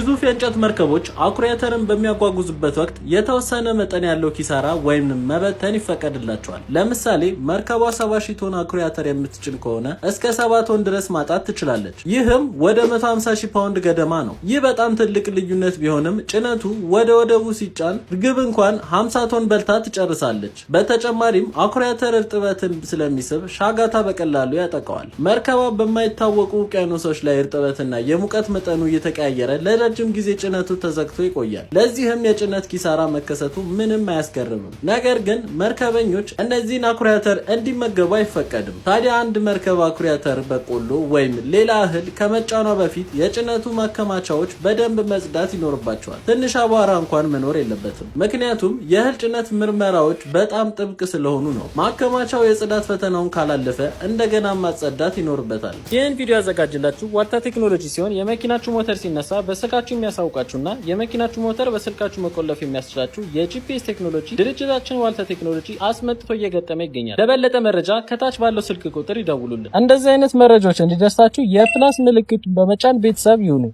ግዙፍ የእንጨት መርከቦች አኩሪ አተርን በሚያጓጉዙበት ወቅት የተወሰነ መጠን ያለው ኪሳራ ወይም መበተን ይፈቀድላቸዋል። ለምሳሌ መርከቧ 70 ሺህ ቶን አኩሪ አተር የምትጭን ከሆነ እስከ ሰ7 ቶን ድረስ ማጣት ትችላለች። ይህም ወደ 150 ሺህ ፓውንድ ገደማ ነው። ይህ በጣም ትልቅ ልዩነት ቢሆንም ጭነቱ ወደ ወደቡ ሲጫን ግብ እንኳን 50 ቶን በልታ ትጨርሳለች። በተጨማሪም አኩሪ አተር እርጥበትን ስለሚስብ ሻጋታ በቀላሉ ያጠቃዋል። መርከቧ በማይታወቁ ውቅያኖሶች ላይ እርጥበትና የሙቀት መጠኑ እየተቀያየረ ለረጅም ጊዜ ጭነቱ ተዘግቶ ይቆያል። ለዚህም የጭነት ኪሳራ መከሰቱ ምንም አያስገርምም። ነገር ግን መርከበኞች እነዚህን አኩሪ አተር እንዲመገቡ አይፈቀድም። ታዲያ አንድ መርከብ አኩሪ አተር፣ በቆሎ ወይም ሌላ እህል ከመጫኗ በፊት የጭነቱ ማከማቻዎች በደንብ መጽዳት ይኖርባቸዋል። ትንሽ አቧራ እንኳን መኖር የለበትም። ምክንያቱም የእህል ጭነት ምርመራዎች በጣም ጥብቅ ስለሆኑ ነው። ማከማቻው የጽዳት ፈተናውን ካላለፈ እንደገና ማጸዳት ይኖርበታል። ይህን ቪዲዮ ያዘጋጅላችሁ ዋልታ ቴክኖሎጂ ሲሆን የመኪናችሁ ሞተር ሲነሳ በስ ስልካችሁ የሚያሳውቃችሁና የመኪናችሁ ሞተር በስልካችሁ መቆለፍ የሚያስችላችሁ የጂፒኤስ ቴክኖሎጂ ድርጅታችን ዋልታ ቴክኖሎጂ አስመጥቶ እየገጠመ ይገኛል። ለበለጠ መረጃ ከታች ባለው ስልክ ቁጥር ይደውሉልን። እንደዚህ አይነት መረጃዎች እንዲደርሳችሁ የፕላስ ምልክቱን በመጫን ቤተሰብ ይሁኑ።